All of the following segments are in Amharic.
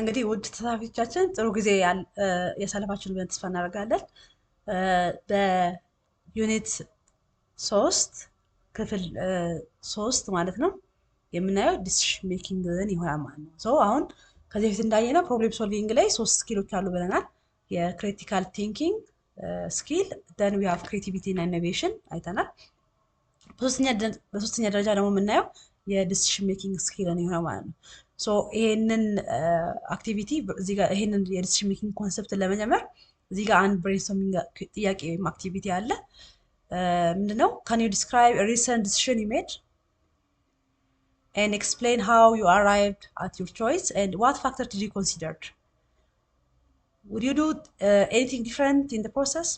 እንግዲህ ውድ ተሳታፊዎቻችን ጥሩ ጊዜ የሰለፋችን ብለን ተስፋ እናደርጋለን። በዩኒት ሶስት ክፍል ሶስት ማለት ነው የምናየው ዲሲሽን ሜኪንግን ይሆናል ማለት ነው። ሰው አሁን ከዚህ በፊት እንዳየነው ፕሮብሌም ሶልቪንግ ላይ ሶስት ስኪሎች አሉ ብለናል። የክሪቲካል ቲንኪንግ ስኪል ደን ዊ ሃቭ ክሬቲቪቲ እና ኢኖቬሽን አይተናል። በሶስተኛ ደረጃ ደግሞ የምናየው የዲሲሽን ሜኪንግ ስኪልን ይሆናል ማለት ነው። ሶ ይሄንን አክቲቪቲ እዚህ ጋር ይሄንን የዲሲሽን ሜኪንግ ኮንሰፕት ለመጀመር እዚህ ጋር አንድ ብሬንስቶርሚንግ ጥያቄ ወይም አክቲቪቲ አለ። ምንድን ነው? ካን ዩ ዲስክራይብ ሪሰንት ዲሲሽን ዩ ሜድ ኤንድ ኤክስፕሌን ሃው ዩ አራይቭድ አት ዩር ቾይስ ኤንድ ዋት ፋክተር ዲድ ዩ ኮንሲደርድ ውድ ዩ ዱ ኤኒቲንግ ዲፍረንት ኢን ፕሮሰስ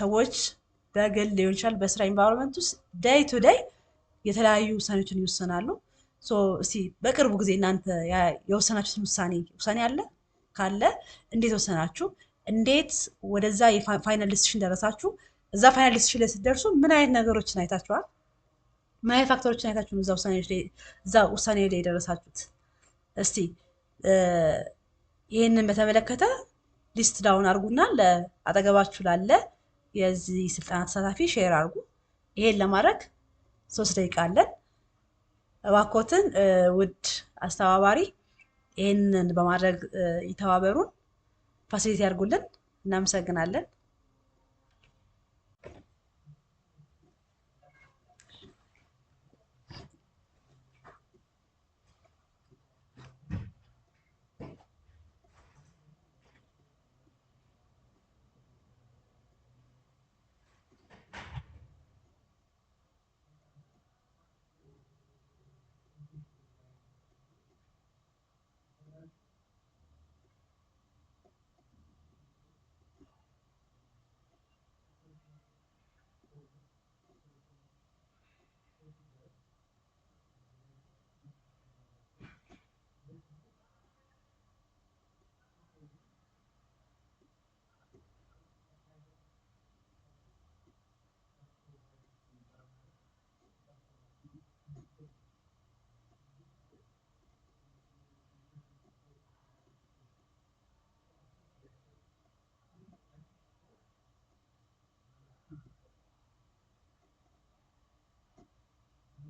ሰዎች በግል ሊሆን ይችላል በስራ ኢንቫይሮንመንት ውስጥ ደይ ቱ ደይ የተለያዩ ውሳኔዎችን ይወሰናሉ። እስቲ በቅርቡ ጊዜ እናንተ የወሰናችሁትን ውሳኔ ውሳኔ አለ ካለ እንዴት ወሰናችሁ? እንዴት ወደዛ የፋይናል ዲሲሽን ደረሳችሁ? እዛ ፋይናል ዲሲሽን ላይ ስትደርሱ ምን አይነት ነገሮችን አይታችኋል? ምን አይነት ፋክተሮችን አይታችሁ ነው እዛ ውሳኔ ላይ የደረሳችሁት? እስቲ ይህንን በተመለከተ ሊስት ዳውን አድርጉና ለአጠገባችሁ ላለ የዚህ ስልጠና ተሳታፊ ሼር አድርጉ። ይሄን ለማድረግ ሶስት ደቂቃ አለን። እባኮትን ውድ አስተባባሪ ይህንን በማድረግ ይተባበሩን፣ ፋሲሊቲ ያድርጉልን። እናመሰግናለን።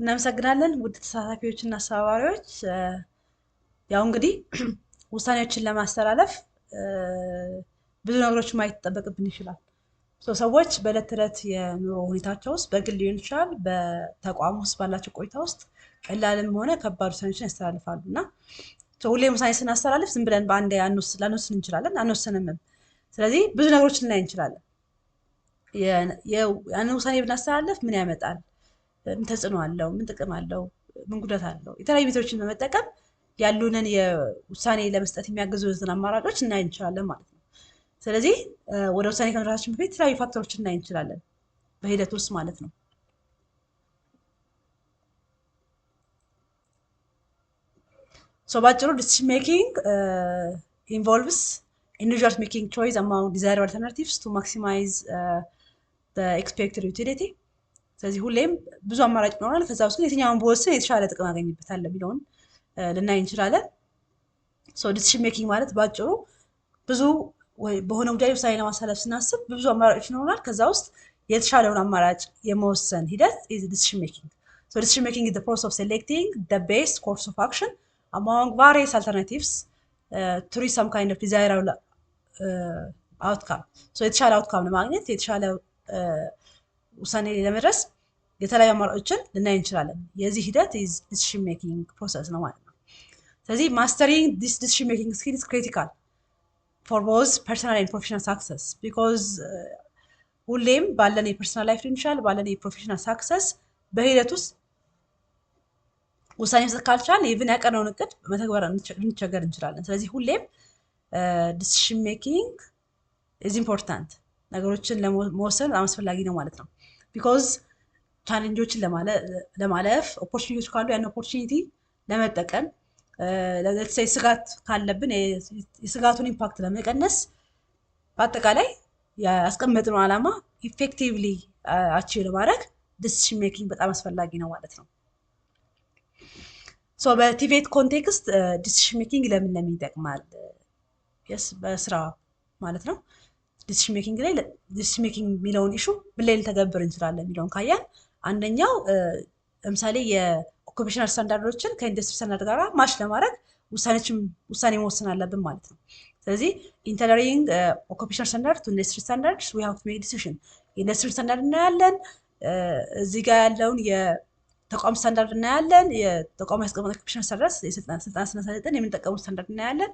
እናመሰግናለን ውድ ተሳታፊዎች እና አስተባባሪዎች። ያው እንግዲህ ውሳኔዎችን ለማስተላለፍ ብዙ ነገሮች ማየት ይጠበቅብን ይችላል። ሰዎች በዕለት ተዕለት የኑሮ ሁኔታቸው ውስጥ በግል ሊሆን ይችላል፣ በተቋም ውስጥ ባላቸው ቆይታ ውስጥ ቀላልም ሆነ ከባድ ውሳኔዎችን ያስተላልፋሉ እና ሁሌም ውሳኔ ስናስተላልፍ ዝም ብለን በአንድ ላንወስን እንችላለን፣ አንወስንምም። ስለዚህ ብዙ ነገሮችን ላይ እንችላለን። ያንን ውሳኔ ብናስተላለፍ ምን ያመጣል? ምን ተጽዕኖ አለው፣ ምን ጥቅም አለው፣ ምን ጉዳት አለው፣ የተለያዩ ሜትሮችን በመጠቀም ያሉንን የውሳኔ ለመስጠት የሚያግዙትን አማራጮች እናይ እንችላለን ማለት ነው። ስለዚህ ወደ ውሳኔ ከመድረሳችን በፊት የተለያዩ ፋክተሮችን እናይ እንችላለን በሂደት ውስጥ ማለት ነው። ሶ ባጭሩ ዲሲሽን ሜኪንግ ኢንቮልቭስ ኢንዲቪጁዋልስ ሜኪንግ ቾይስ አማንግ ዲዛይር አልተርናቲቭስ ቱ ማክሲማይዝ ኤክስፔክትድ ዩቲሊቲ ስለዚህ ሁሌም ብዙ አማራጭ ይኖራል። ከዛ ውስጥ ግን የትኛውን በወስን የተሻለ ጥቅም አገኝበታል የሚለውን ልናይ እንችላለን። ዲሲሽን ሜኪንግ ማለት በአጭሩ ብዙ በሆነ ጉዳይ ውሳኔ ለማሳለፍ ስናስብ ብዙ አማራጮች ይኖራል። ከዛ ውስጥ የተሻለውን አማራጭ የመወሰን ሂደት ዲሲሽን ሜኪንግ። ዲሲሽን ሜኪንግ ኢዝ ዘ ፕሮሰስ ኦፍ ሴሌክቲንግ ዘ ቤስት ኮርስ ኦፍ አክሽን አማንግ ቫሪየስ አልተርናቲቭስ ቱ ካይንድ ኦፍ ዲዛይራብል አውትካም። የተሻለ አውትካም ለማግኘት የተሻለ uh, ውሳኔ ለመድረስ የተለያዩ አማራጮችን ልናይ እንችላለን። የዚህ ሂደት ዲሲሽን ሜኪንግ ፕሮሰስ ነው ማለት ነው። ስለዚህ ማስተሪንግ ዲስ ዲሲሽን ሜኪንግ ስኪል ኢዝ ክሪቲካል ፎር ቦዝ ፐርሰናል ኤንድ ፕሮፌሽናል ሳክሰስ ቢኮዝ ሁሌም ባለን የፐርሰናል ላይፍ ሊሆን ይችላል፣ ባለን የፕሮፌሽናል ሳክሰስ በሂደት ውስጥ ውሳኔ መስጠት ካልቻል ኢቭን ያቀነውን እቅድ መተግበር ልንቸገር እንችላለን። ስለዚህ ሁሌም ዲሲሽን ሜኪንግ ኢዝ ኢምፖርታንት ነገሮችን ለመወሰን አስፈላጊ ነው ማለት ነው። ቢኮዝ ቻሌንጆችን ለማለፍ ኦፖርቹኒቲዎች ካሉ ያን ኦፖርቹኒቲ ለመጠቀም ለተሳይ uh, ስጋት ካለብን የስጋቱን ኢምፓክት ለመቀነስ በአጠቃላይ ያስቀመጥነው ዓላማ ኢፌክቲቭሊ አቺቭ ለማድረግ ዲሲሽን ሜኪንግ በጣም አስፈላጊ ነው ማለት ነው። ሶ በቲቬት ኮንቴክስት ዲሲሽን ሜኪንግ ለምን ለምን ይጠቅማል? የስ uh, በስራ ማለት ነው። ዲሲሽን ሜኪንግ ላይ ዲሲሽን ሜኪንግ የሚለውን ኢሹ ምን ላይ ልተገብር እንችላለን የሚለውን ካያን አንደኛው ለምሳሌ የኦኩፔሽናል ስታንዳርዶችን ከኢንዱስትሪ ስታንዳርድ ጋር ማች ለማድረግ ውሳኔ መወሰን አለብን ማለት ነው። ስለዚህ ኢንተሪንግ ኦኩፔሽናል ስታንዳርድ ቱ ኢንዱስትሪ ስታንዳርድ ዊ ሃቭ ቱ ሜክ ዲሲሽን። የኢንዱስትሪ ስታንዳርድ እናያለን፣ እዚህ ጋር ያለውን የተቋም ስታንዳርድ እናያለን፣ የተቋም ያስቀመጠ ኦኩፔሽናል ስታንዳርድ የስልጠና ስነ የምንጠቀሙ ስታንዳርድ እናያለን።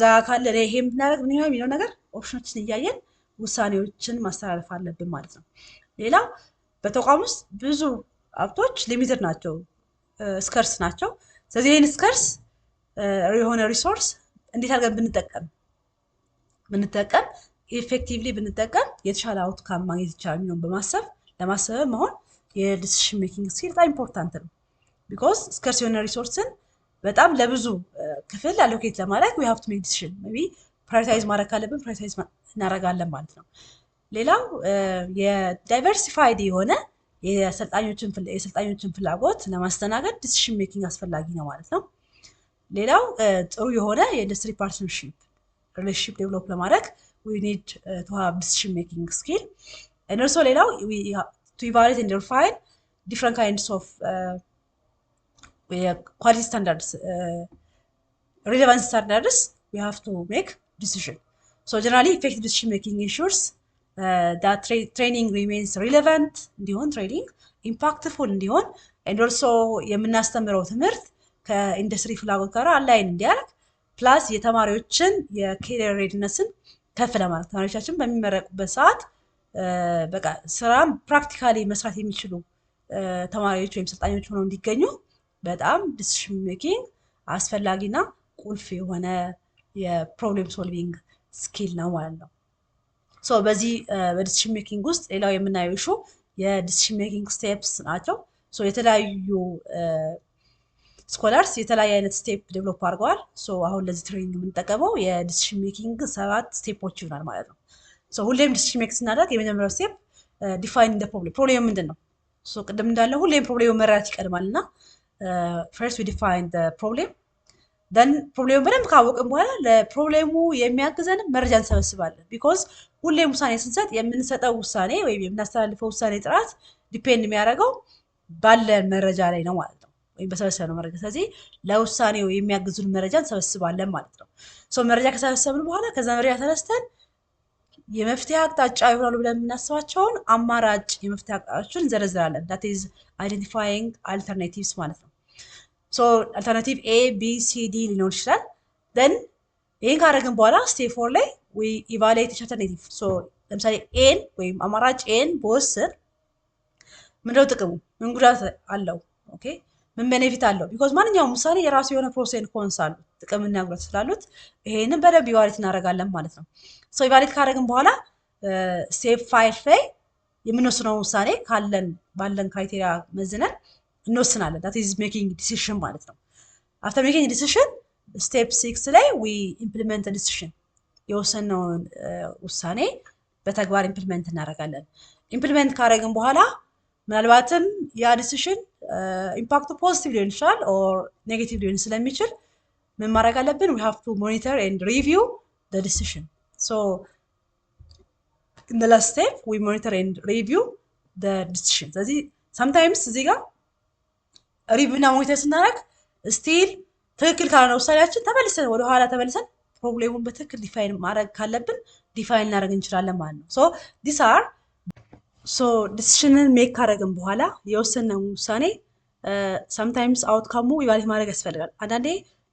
ዛ ካለ ይሄ የምናደርግ ምን ይሆናል የሚለው ነገር ኦፕሽኖችን እያየን ውሳኔዎችን ማስተላለፍ አለብን ማለት ነው። ሌላው በተቋም ውስጥ ብዙ ሀብቶች ሊሚትድ ናቸው፣ ስከርስ ናቸው። ስለዚህ ይህን ስከርስ የሆነ ሪሶርስ እንዴት አድርገን ብንጠቀም ብንጠቀም ኢፌክቲቭሊ ብንጠቀም የተሻለ አውትካም ማግኘት ይቻላል የሚለውን በማሰብ ለማሰብ መሆን የዲሲሽን ሜኪንግ ስኪል በጣም ኢምፖርታንት ነው። ቢኮዝ ስከርስ የሆነ ሪሶርስን በጣም ለብዙ ክፍል አሎኬት ለማድረግ ዊ ሀብት ሜዲሽን ቢ ፕራዮሪታይዝ ማድረግ ካለብን ፕራዮሪታይዝ እናደርጋለን ማለት ነው። ሌላው የዳይቨርሲፋይድ የሆነ የሰልጣኞችን ፍላጎት ለማስተናገድ ዲሲሽን ሜኪንግ አስፈላጊ ነው ማለት ነው። ሌላው ጥሩ የሆነ የኢንዱስትሪ ፓርትነርሺፕ ሪሌሽንሽፕ ዴቨሎፕ ለማድረግ ዊ ኒድ ቱ ሃቭ ዲሲሽን ሜኪንግ ስኪል እነርሶ ሌላው ቱ ኢቫሉዌት ኤንድ ሪፋይን ዲፍረንት ካይንድስ ኦፍ የኳሊቲ ስታንዳርድስ ሪሌቫንስ ስታንዳርድስ ዊ ሃቭ ቱ ሜክ ዲሲሽን ሶ ጀነራሊ ኢፌክቲቭ ዲሲሽን ሜኪንግ ኢንሹርስ ትሬኒንግ ሪሜንስ ሪሌቫንት እንዲሆን ትሬኒንግ ኢምፓክትፉል እንዲሆን ኤንድ ኦልሶ የምናስተምረው ትምህርት ከኢንዱስትሪ ፍላጎት ጋር አላይን እንዲያደርግ ፕላስ የተማሪዎችን የኬሪየር ሬድነስን ከፍ ለማለት ተማሪዎቻችን በሚመረቁበት ሰዓት በቃ ስራም ፕራክቲካሊ መስራት የሚችሉ ተማሪዎች ወይም ሰልጣኞች ሆነው እንዲገኙ በጣም ዲሲሽን ሜኪንግ አስፈላጊና ቁልፍ የሆነ የፕሮብሌም ሶልቪንግ ስኪል ነው ማለት ነው። ሶ በዚህ በዲሲሽን ሜኪንግ ውስጥ ሌላው የምናየው ሹ የዲሲሽን ሜኪንግ ስቴፕስ ናቸው። ሶ የተለያዩ ስኮላርስ የተለያየ አይነት ስቴፕ ዴቨሎፕ አድርገዋል። ሶ አሁን ለዚህ ትሬኒንግ የምንጠቀመው የዲሲሽን ሜኪንግ ሰባት ስቴፖች ይሆናል ማለት ነው። ሶ ሁሌም ዲሲሽን ሜክ ስናደርግ የመጀመሪያው ስቴፕ ዲፋይን ፕሮብሌም ፕሮብሌም ምንድን ነው? ቅድም እንዳለ ሁሌም ፕሮብሌም መረዳት ይቀድማል እና ፈርስት ዊ ዲፋይን ፕሮብሌም ደን ፕሮብሌሙ በደንብ ካወቅን በኋላ ለፕሮብሌሙ የሚያግዘንም መረጃ እንሰበስባለን። ቢኮዝ ሁሌም ውሳኔ ስንሰጥ የምንሰጠው ውሳኔ ወይም የምናስተላልፈው ውሳኔ ጥራት ዲፔንድ የሚያደርገው ባለን መረጃ ላይ ነው ማለት ነው፣ ወይም በሰበሰብነው መረጃ። ስለዚህ ለውሳኔው የሚያግዙን መረጃ እንሰበስባለን ማለት ነው። ሶ መረጃ ከሰበሰብን በኋላ ከዛ መረጃ ተነስተን የመፍትሄ አቅጣጫ ይሆናሉ ብለን የምናስባቸውን አማራጭ የመፍትሄ አቅጣጫዎችን እንዘረዝራለን። ዳት ኢዝ አይደንቲፋይንግ አልተርናቲቭስ ማለት ነው። ሶ አልተርናቲቭ ኤ ቢ ሲ ዲ ሊኖር ይችላል። ን ይህን ካደረግን በኋላ ስቴፕ ፎር ላይ ኢቫሉዌት አልተርናቲቭ። ለምሳሌ ኤን ወይም አማራጭ ኤን በወስን ምንድነው ጥቅሙ? ምን ጉዳት አለው? ኦኬ ምን ቤኔፊት አለው? ቢኮዝ ማንኛውም ውሳኔ የራሱ የሆነ ፕሮሴን ኮንስ አሉ፣ ጥቅምና ጉዳት ስላሉት ይሄንን በደንብ ኢቫሊት እናደርጋለን ማለት ነው። ሶ ኢቫሊት ካደረግን በኋላ ስቴፕ ፋይል ላይ የምንወስነው ውሳኔ ካለን ባለን ክራይቴሪያ መዝነን እንወስናለን። ዳት ኢዝ ሜኪንግ ዲሲሽን ማለት ነው። አፍተር ሜኪንግ ዲሲሽን ስቴፕ ሲክስ ላይ ዊ ኢምፕሊመንት ዲሲሽን፣ የወሰነውን ውሳኔ በተግባር ኢምፕሊመንት እናደርጋለን። ኢምፕሊመንት ካደረግን በኋላ ምናልባትም ያ ዲሲሽን ኢምፓክቱ ፖዚቲቭ ሊሆን ይችላል ኦር ኔጌቲቭ ሊሆን ስለሚችል ምን ማድረግ አለብን? ዊ ሃቭ ቱ ሞኒተር ኤንድ ሪቪው ደ ዲሲሽን ሶ ኢን ላስት ስቴፕ ዊ ሞኒተር ኤንድ ሪቪው ደ ዲሲሽን። ስለዚህ ሰምታይምስ እዚህ ጋር ሪቪው እና ሞኒተር ስናደርግ ስቲል ትክክል ካልሆነ ውሳኔያችን ተመልሰን ወደኋላ ተመልሰን ፕሮብሌሙን በትክክል ዲፋይን ማድረግ ካለብን ዲፋይን እናደርግ እንችላለን ማለት ነው ሶ ዲስ አር ዲሲሽንን ሜክ ካደረግን በኋላ የወሰነው ውሳኔ ሳምታይምስ አውትካሙ ኢቫሉዌት ማድረግ ያስፈልጋል። አንዳንዴ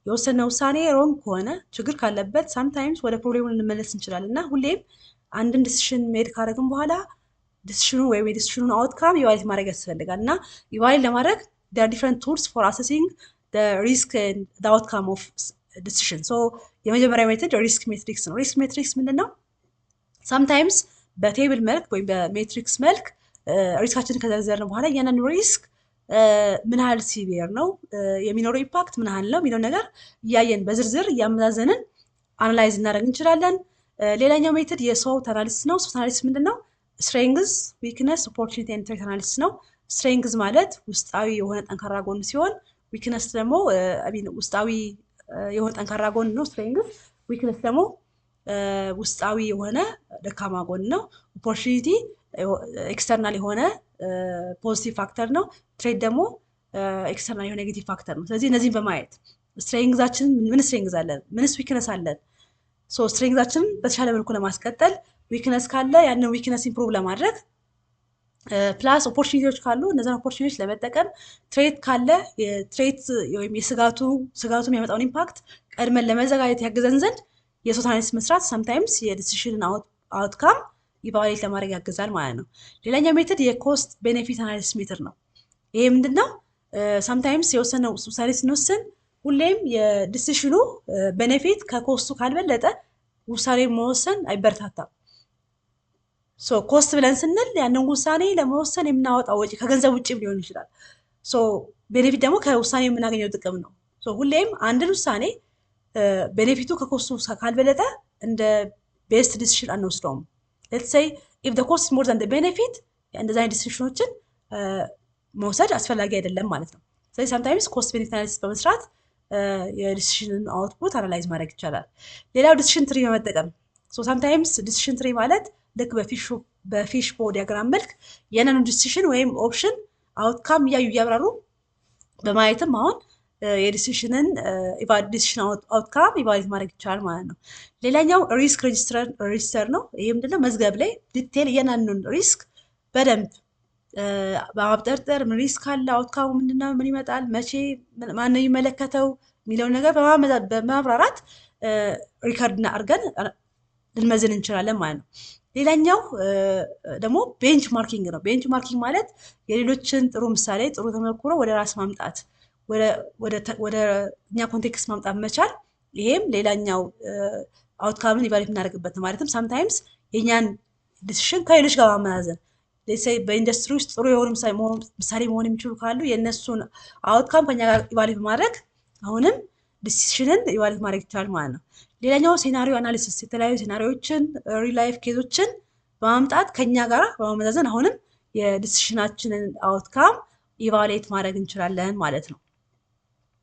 የወሰነው ውሳኔ ሮንግ ከሆነ ችግር ካለበት ሳምታይምስ ወደ ፕሮብሌሙ ልንመለስ እንችላለን እና ሁሌም አንድን ዲሲሽን ሜድ ካደረግን በኋላ ዲሲሽኑ ወይም የዲሲሽኑን አውትካም ኢቫሉዌት ማድረግ ያስፈልጋል እና ኢቫሉዌት ለማድረግ ዴር ዲፍረንት ቱልስ ፎር አሰሲንግ ሪስክ አውትካም ኦፍ ዲሲሽን። የመጀመሪያ ሜትድ ሪስክ ሜትሪክስ ነው። ሪስክ ሜትሪክስ ምንድን ነው? ሳምታይምስ በቴብል መልክ ወይም በሜትሪክስ መልክ ሪስካችን ከዘረዘርን በኋላ ያንን ሪስክ ምን ያህል ሲቪየር ነው የሚኖረው ኢምፓክት ምን ያህል ነው የሚለው ነገር እያየን በዝርዝር እያመዛዘንን አናላይዝ እናደረግ እንችላለን። ሌላኛው ሜትድ የሶውት አናሊሲስ ነው። ሶውት አናሊሲስ ምንድን ነው? ስትሬንግዝ ዊክነስ፣ ኦፖርቹኒቲ ኤንድ ትሬት አናሊሲስ ነው። ስትሬንግዝ ማለት ውስጣዊ የሆነ ጠንካራ ጎን ሲሆን ዊክነስ ደግሞ ውስጣዊ የሆነ ጠንካራ ጎን ነው ስትሬንግዝ ዊክነስ ደግሞ ውስጣዊ የሆነ ደካማ ጎን ነው። ኦፖርቹኒቲ ኤክስተርናል የሆነ ፖዚቲቭ ፋክተር ነው። ትሬድ ደግሞ ኤክስተርናል የሆነ ኔጌቲቭ ፋክተር ነው። ስለዚህ እነዚህን በማየት ስትሬንግዛችን ምን ስትሬንግዝ አለን፣ ምንስ ዊክነስ አለን፣ ስትሬንግዛችን በተሻለ መልኩ ለማስቀጠል ዊክነስ ካለ ያንን ዊክነስ ኢምፕሩቭ ለማድረግ ፕላስ ኦፖርቹኒቲዎች ካሉ እነዚን ኦፖርቹኒቲዎች ለመጠቀም ትሬት ካለ ትሬት ወይም የስጋቱ ስጋቱ የሚያመጣውን ኢምፓክት ቀድመን ለመዘጋጀት ያግዘን ዘንድ የሶት አይነት መስራት ሰምታይምስ የዲሲሽንን አውትካም ኢቫሉዌት ለማድረግ ያገዛል ማለት ነው። ሌላኛው ሜትድ የኮስት ቤኔፊት አናሊስ ሜትድ ነው። ይሄ ምንድን ነው? ሰምታይምስ የወሰነ ውሳኔ ስንወስን ሁሌም የዲሲሽኑ ቤኔፊት ከኮስቱ ካልበለጠ ውሳኔ መወሰን አይበረታታም። ሶ ኮስት ብለን ስንል ያንን ውሳኔ ለመወሰን የምናወጣው ወጪ ከገንዘብ ውጭም ሊሆን ይችላል። ሶ ቤኔፊት ደግሞ ከውሳኔ የምናገኘው ጥቅም ነው። ሁሌም አንድን ውሳኔ ቤኔፊቱ ከኮስቱ ካልበለጠ እንደ ቤስት ዲሲሽን አንወስደውም። ሌትሴይ ኢፍ ኮስት ሞር ዘን ቤኔፊት እንደዚ አይነት ዲሲሽኖችን መውሰድ አስፈላጊ አይደለም ማለት ነው። ስለዚህ ሳምታይምስ ኮስት ቤኔፊት አናሊሲስ በመስራት የዲሲሽንን አውትፑት አናላይዝ ማድረግ ይቻላል። ሌላው ዲሲሽን ትሪ በመጠቀም ሳምታይምስ ዲሲሽን ትሪ ማለት ልክ በፊሽ ቦ ዲያግራም መልክ የነኑ ዲሲሽን ወይም ኦፕሽን አውትካም እያዩ እያብራሩ በማየትም አሁን የዲሲሽንን ዲሲሽን አውትካም ኢቫሊት ማድረግ ይቻላል ማለት ነው። ሌላኛው ሪስክ ሬጂስተር ነው። ይህ ምንድነው? መዝገብ ላይ ዲቴል እያንዳንዱን ሪስክ በደንብ በማብጠርጠር ምን ሪስክ አለ፣ አውትካሙ ምንድነው፣ ምን ይመጣል፣ መቼ፣ ማነው የሚመለከተው የሚለውን ነገር በማብራራት ሪከርድና አድርገን ልንመዝን እንችላለን ማለት ነው። ሌላኛው ደግሞ ቤንች ማርኪንግ ነው። ቤንች ማርኪንግ ማለት የሌሎችን ጥሩ ምሳሌ ጥሩ ተመክሮ ወደ ራስ ማምጣት ወደ እኛ ኮንቴክስት ማምጣት መቻል ይሄም ሌላኛው አውትካምን ኢቫሉዌት የምናደርግበት ነው። ማለትም ሳምታይምስ የእኛን ዲሲሽን ከሌሎች ጋር ማመዛዘን በኢንዱስትሪ ውስጥ ጥሩ የሆኑ ምሳሌ መሆን የሚችሉ ካሉ የእነሱን አውትካም ከኛ ጋር ኢቫሉዌት ማድረግ አሁንም ዲሲሽንን ኢቫሉዌት ማድረግ ይችላል ማለት ነው። ሌላኛው ሴናሪዮ አናሊሲስ የተለያዩ ሴናሪዎችን ሪል ላይፍ ኬዞችን በማምጣት ከኛ ጋር በማመዛዘን አሁንም የዲሲሽናችንን አውትካም ኢቫሉዌት ማድረግ እንችላለን ማለት ነው።